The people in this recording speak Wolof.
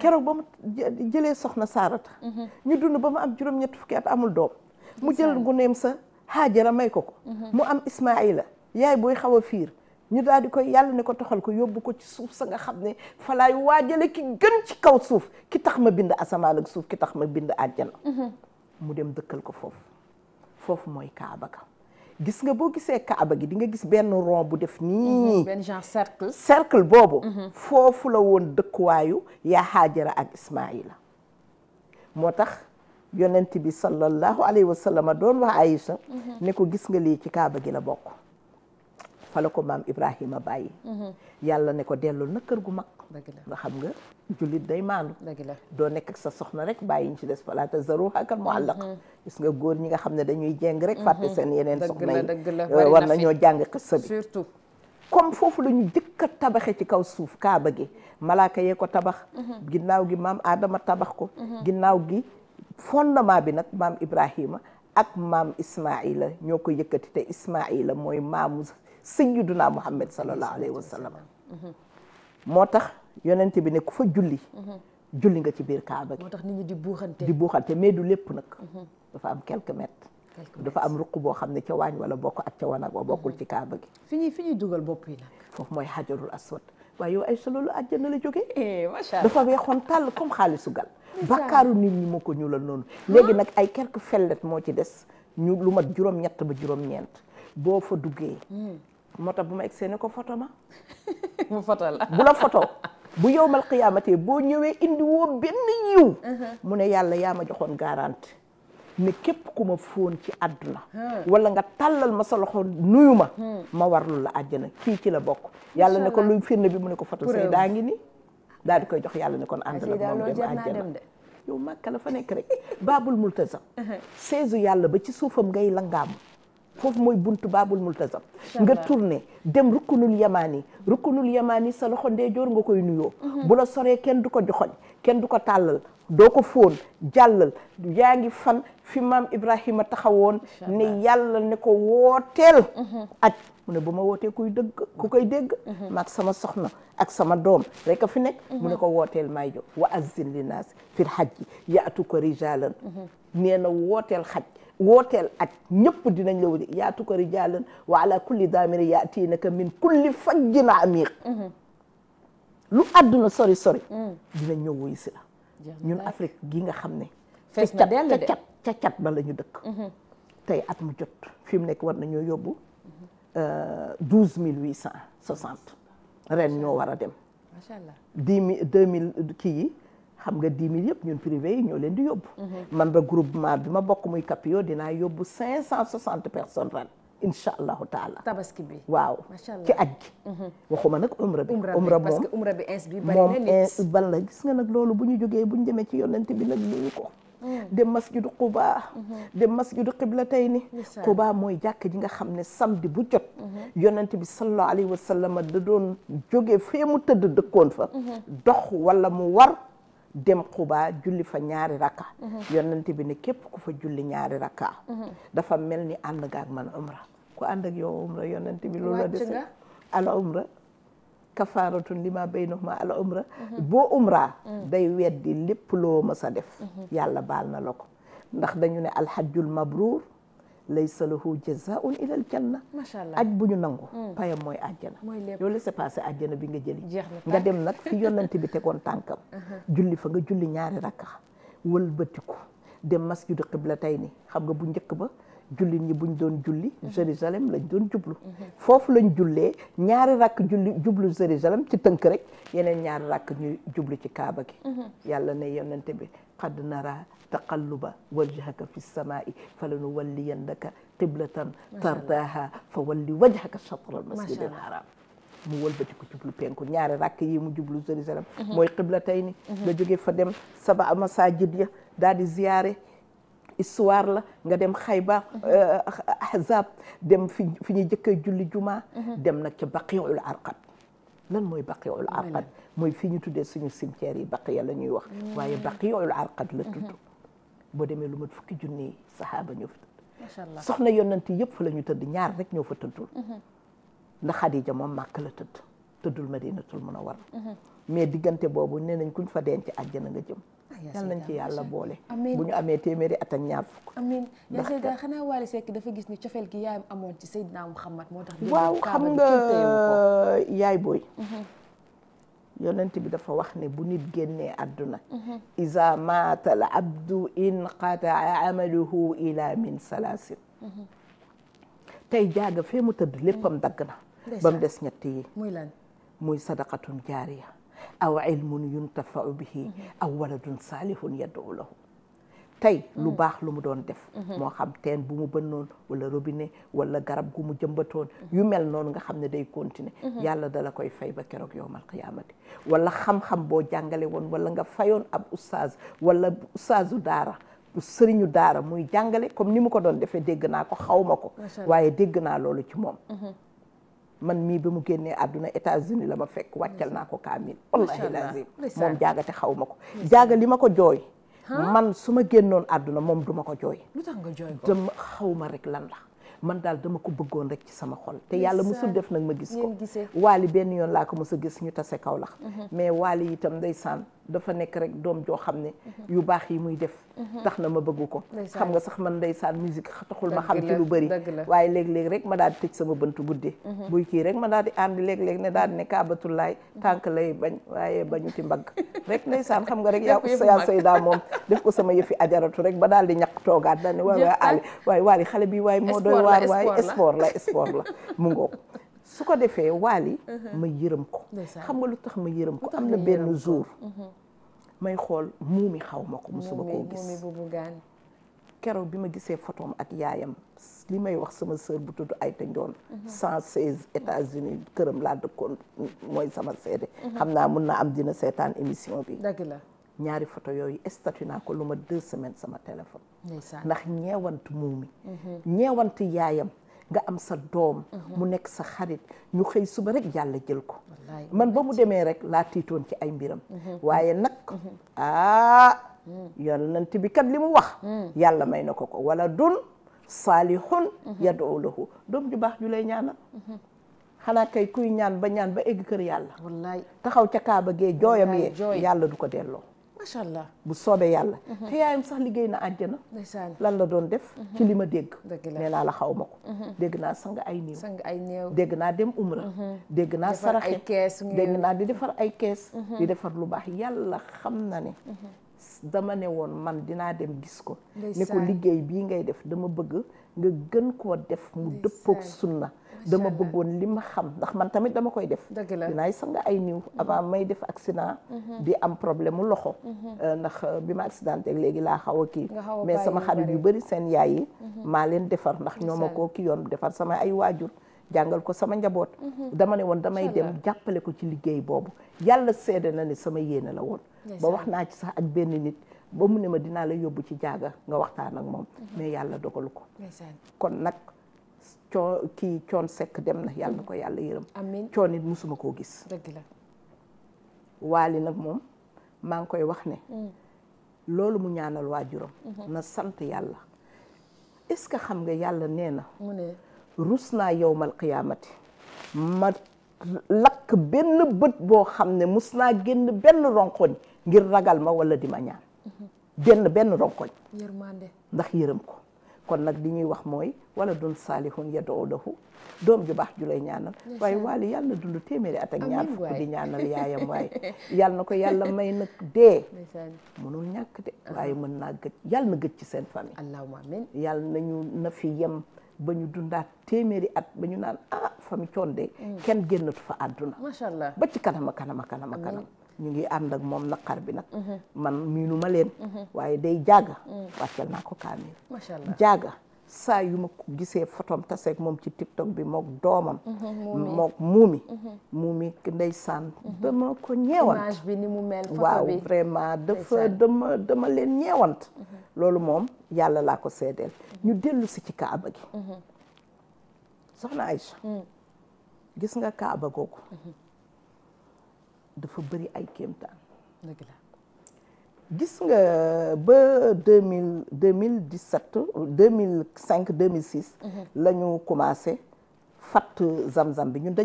keroog ba mu jëlee soxna Saarata. Mhm. ñu dund ba mu am juróom-ñett fukki at amul doom. mu jël guneem sa Haajara may ko ko. Mhm. mu am Ismaayila yaay booy xaw fiir ñu daal di koy yàlla ne ko toxal ko yóbbu ko ci suuf sa nga xam ne falaay waajale ki gën ci kaw suuf ki tax ma bind asamaan ak suuf ki tax ma bind àjjana. Mhm. mu dem dëkkal ko foofu foofu mooy Kaaba ka gis nga boo gisee kaaba gi di nga gis benn rond bu def nii. Mhm, benn genre cercle. cercle boobu. Mhm. foofu la woon dëkkuwaayu ya Haajara ak Ismaayila moo tax yonent bi sallallahu alayhi wa sallam doon wax Aïcha. Mhm. ne ko gis nga lii ci kaaba gi la bokk. fa la ko maam Ibrahima bàyyi. yàlla ne ko dellul na kër gu mag. dëgg la nga xam nga jullit day maandu dëgg la doo nekk ak sa soxna rek bàyyi ñu ci des falaata zaruha kal muallaq mm-hmm. gis nga góor ñi nga xam ne dañuy jeng rek mm-hmm. fàtte seen yeneen soxna yi euh, war nañoo jàng xissa bi surtout comme foofu la ñu jëkk a tabaxe ci kaw suuf kaaba gi malaaka yee ko tabax mm-hmm. ginnaaw gi maam aadama tabax ko ginnaaw gi fondement bi nag maam ibrahima ak maam ismaila ñoo ko yëkkati te ismaila mooy maamu sayyiduna muhammad sallallahu alayhi wa sallam moo tax yonent bi ne ku fa julli mhm. julli nga ci biir kaaba gi moo tax nit ñi di buuxante di buuxante mais du lépp nag mhm. dafa am quelques mètres dafa am ruq boo xam ne ca waañ wala bokk ak ca wanag wa bokkul mhm. ci kaaba gi fi ñuy fi ñuy dugal bopp yi nag foofu mooy xajarul aswad waaye yow ay solo lu àjjana la jógee eh, macha allah dafa weexoon tàll comme xaalisu gal bakkaaru nit ñi moo ko ñuulal noonu léegi ah. nag ay quelques fellet moo ci des ñu lu mat juróom-ñett ba juróom-ñeent boo fa duggee hmm. moo tax bu ma egsee ne ko photo ma mu photo la bu yowmal qiyaamatee boo ñëwee indi woo benn yiw mhm. mu ne yàlla yaa ma joxoon garanti ne képp ku ma fóon ci àdduna hmm. wala nga tàllal ma sa loxo nuyu ma hmm. ma warlu la àjjana kii ci la bokk yàlla ne ko luy firnde bi mu ne ko photo say daa ngi ni daal di koy jox yàlla ne kon ànd la moom dem àjjana ma màkka la fa nekk rek baabul multazam seize yàlla ba ci suufam ngay langaamu foofu mooy buntu baabul multazam nga tourné dem rukkunul yamaani rukkunul yamaani sa loxo ndeyjoor nga koy nuyoo mhm. bu la soree kenn du ko joxoñ kenn du ko tàllal doo ko fóon jàllal yaa ngi fan fi maam Ibrahima taxawoon ne yàlla ne ko wooteel mhm. aj mu ne bu ma wootee kuy dëgg ku koy dégg mhm. maag sama soxna ak sama doom rek a fi nekk mu ne ko wooteel may jo wa azzin linaas fil hajji yaatu ko rijalan nee na wooteel xaj wooteel ak ñëpp dinañ la wuti yaa tukari jàllan wa ala kulli daamiri yaatinaka min kulli fajjin amiq lu àdduna sori sori dinañ ñëw wuyu si la ñun Afrique gi nga xam ne ca cat ca cat ba la ñu dëkk mhm. tey at mu jot fi mu nekk war nañoo yóbbu euh, douze mille huit cent soixante ren ñoo war a dem macha allah dix mille deux kii xam nga 10 000 ñun privé yi ñoo leen di mhm. man ba groupement bi ma bokk muy Capio dinaa yóbbu 560 personnes ren. incha allahu taala tabaski bi waaw ci aj gi mhm. waxuma nag umra bi umra moom parce bi ins bi bari gis nga nag loolu bu ñu jógee bu ñu demee ci yonent bi nag li ñu ko mm. dem masjidu Quba mhm. dem masjidu Qiblatayni Quba mooy jàkk ji nga xam ne samedi bu jot yonent bi sallallahu alayhi wa sallam da doon jógee fee mu tëdd dëkkoon fa dox wala mu war dem Quba julli fa ñaari rakka mhm. yonent bi ne képp ku fa julli ñaari rakka mhm. dafa mel ni ànd nga man umra ku ànd ak yow umra yonent bi loolu la dese ala umra kafaaratun lima baynahuma ala umra mhm. boo umra day weddi lépp loo mës a def yàlla baal na la ko ndax dañu ne alxajjul mabruur laysa lahu jazaun ilal janna aj bu ñu nangu mm. payam mooy àjjana yow laissez passer àjjana bi nga jëli nga dem nag fi yonent bi tegoon tànkam uh-huh. julli fa nga julli ñaari rakka wëlbatiku dem masjidu ni xam nga bu njëkk ba julli ñi buñ doon julli mm-hmm. Jérusalem lañ doon jublu mm-hmm. foofu lañ jullee ñaari rakk julli jublu Jérusalem ci tënk rek yeneen ñaari rakk ñu jublu ci kaaba gi mm-hmm. yàlla ne yonente bi xad nara taqalluba wajhaka fi samaai falanuwalliyannaka qiblatan tardaaha fa walli wajhaka shatra al masjid al haram mu wëlbati ko jublu penku ñaari rakk yi mu jublu Jérusalem mhm. mooy qibla tey ni mhm. nga jóge fa dem saba masajid ya daal di ziyaare histoire la nga dem Xaybar mhm. euh, Ahzab dem fi fi ñuy jëkkee julli jumaa dem nag ca baqiul arqad lan mooy baqiul arqad mooy fi ñu tuddee suñu cimetière yi baqiya la ñuy wax mm. waaye baqiul arqad la tudd boo demee lu mat fukki junni saxaaba ñoo fa tëdd. macha allah soxna yonent yëpp fa la ñu tëdd ñaar rek ñoo fa tëddul. Mhm. ndax Xadija moom màkk la tëdd tëddul Madinatul Munawwar. Mhm. mais diggante boobu nee nañ kuñ fa denc àjjana nga jëm. yal nañ ci yàlla boole. bu ñu amee téeméeri at ak ñaar fukk. amiin yaa Seyda xanaa dafa gis ni cofeel gi yaayam amoon ci Seydina Muhammad moo tax. waaw xam nga yaay booy. Mhm. yonent bi dafa wax ne bu nit génnee àdduna mhm. iza maata al abdu inqataa amaluhu ila min salaasil mhm. tey jaaga fee mu tëdd léppam mhm. dagg na ba mu des ñett yi muy lan muy sadaqatun jaariya aw ilmun yuntafau bihi aw waladun saalihun yad'u lahu tey lu mm-hmm. baax lu mu doon def mm-hmm. moo xam teen bu mu bënnoon wala robine wala garab gu mu jëmbatoon mm-hmm. yu mel noonu nga xam ne day continuer yàlla dala koy fay ba keroog yowmal qiyaamati wala xam-xam boo jàngale woon wala nga fayoon ab oustaz wala oustazu daara sëriñu daara muy jàngale comme ni mu ko doon defee dégg naa ko xaw ma ko waaye dégg naa loolu ci moom man mii bi mu génnee àdduna États-Unis la ma fekk wàccal naa ko kaamil wallahi moom jaagate xaw ma ko jaaga li ko man su ma génnoon àdduna moom duma ko jooy. lu tax nga jooy ko dama rek lan la. man daal dama ko bëggoon rek ci sama xol te yàlla musul def nag ma gis ko waali benn yoon laa ko mos a gis ñu tase kaw lax mais waali itam ndeysaan dafa nekk rek doom joo xam ne yu baax yi muy def tax na ma bëgg ko xam nga sax man ndeysaan musique taxul ma xam ci lu bëri waaye léeg-léeg rek ma daal di tëj sama bënt guddee mhm. buy kii rek ma daal di àndi léeg-léeg ne daal di ne kaabatulaay tànk lay bañ waaye bañu ci mbagg rek ndeysaan xam nga rek yaa yaa Seyda moom def ko sama yëfi ajaratu rek ba daal di ñàkk toogaat daal ne waay waay Ali waay waali xale bi waaye moo doy waar waay sport la sport la mu su ko defee Wally mhm. ma yërëm ko xam nga lu tax ma yërëm ko am na benn jour mhm. may xool muumi xaw ma ko musuma koo gis keroog bi ma gisee photom ak yaayam li may wax sama sœur bu tudd Ayta Njoon mhm. cent seize États-Unis këram laa dëkkoon mooy sama seede xam naa mun naa am dina seetaan émission bi dëgg la ñaari photo yooyu statut naa ko lu ma deux semaines sama téléphone ndax ñeewant muumi ñeewant yaayam nga am sa doom mhm. mu nekk sa xarit ñu xëy suba rek yàlla jël ko man ba mu demee rek laa tiitoon ci ay mbiram mhm. waaye nag mhm. ah yonent bi kat li mu wax yàlla may na ko ko wala dun saalihun yad'u lahu doom ju baax ju lay ñaanal xanaa kay ñaan ba ñaan ba egg kër yàlla wallaay taxaw ca kaaba gee jooyam yee yàlla du ko delloo macha allah bu soobee yàlla. Mhm. te yaayam sax liggéey na àjjana. lan la doon def. Mhm. ci li ma dégg. ne laa la xaw ma ko. Mhm. dégg naa sang ay néew. sang ay néew dégg naa dem umra. dégg naa saraxe dégg naa di defar ay kees. di defar lu baax yàlla xam na ne. dama ne woon man dinaa dem gis ko. ne ko liggéey bii ngay def dama bëgg nga gën koo def mu dëppook sunna dama bëggoon li ma xam ndax man tamit dama koy def dinaay sang ay niw mm-hmm. avant may def ak accident mm-hmm. bi am problème mu loxo mm-hmm. euh, ndax euh, bi ma accidenté léegi laa xaw a kii mais sama xarit yu bëri seen yaay yi maa leen defar ndax ñoo ma koo ki yoon defar sama ay waajur jàngal ko sama njaboot dama ne woon damay dem jàppale ko ci liggéey boobu yàlla seede na ne sama yéene la woon ba wax naa ci sax ak benn nit ba mu ne ma dinaa la yóbbu ci jaaga nga waxtaan ak moom yàlla dogalu ko coo kii coon sekk dem na yàlla na ko yàlla yërëm amiin coon it musuma koo gis dëgg la nag moom maa ngi koy wax ne mm. loolu mu ñaanal waajuram mm-hmm. na sant yàlla est-ce que xam nga yàlla nee na mu ne rus naa yowmal qiyaamati ma lakk benn bët boo xam ne mus naa génn benn ronkoñ ngir ragal ma wala di ma ñaan benn mm-hmm. benn ronkoñ yërmande ndax yërëm ko kon nag li ñuy wax mooy wala dun saalihun yadoo lahu doom ju baax ju lay ñaanal waaye yàlla na dund téeméeri at ak ñaar fukk di ñaanal yaayam waaye yàlla na ko yàlla may nag dee mënul ñàkk de uh-huh. waaye mën naa gëj yàlla na gëj ci seen famille allahumma amin yàlla nañu na fi yam ba ñu dundaat téeméeri at ba ñu naan ah famille coon de mm. kenn génnatu fa àdduna macha allah ba ci kanama kanama kanama ñu ngi ànd ak moom naqar bi nag mhm. man miinu ma leen mhm. waaye day jaaga mhm. wàccel naa ko kaamil jaaga saa yu ma ko gisee fotom moom ci tiktok bi mook doomam mook muumi muumi ndeysaan dama ko ñeewant image bi ni waaw vraiment dama leen ñeewant loolu moom yàlla laa ko seedeel ñu dellu si ci kaaba gi soxna gis nga kaaba googu dafa bëri ay kéemtaan. dëgg gis nga ba deux mille deux mille dix sept deux mille cinq deux mille six. Mhm. la ñu commencé fatt zam-zam bi ñun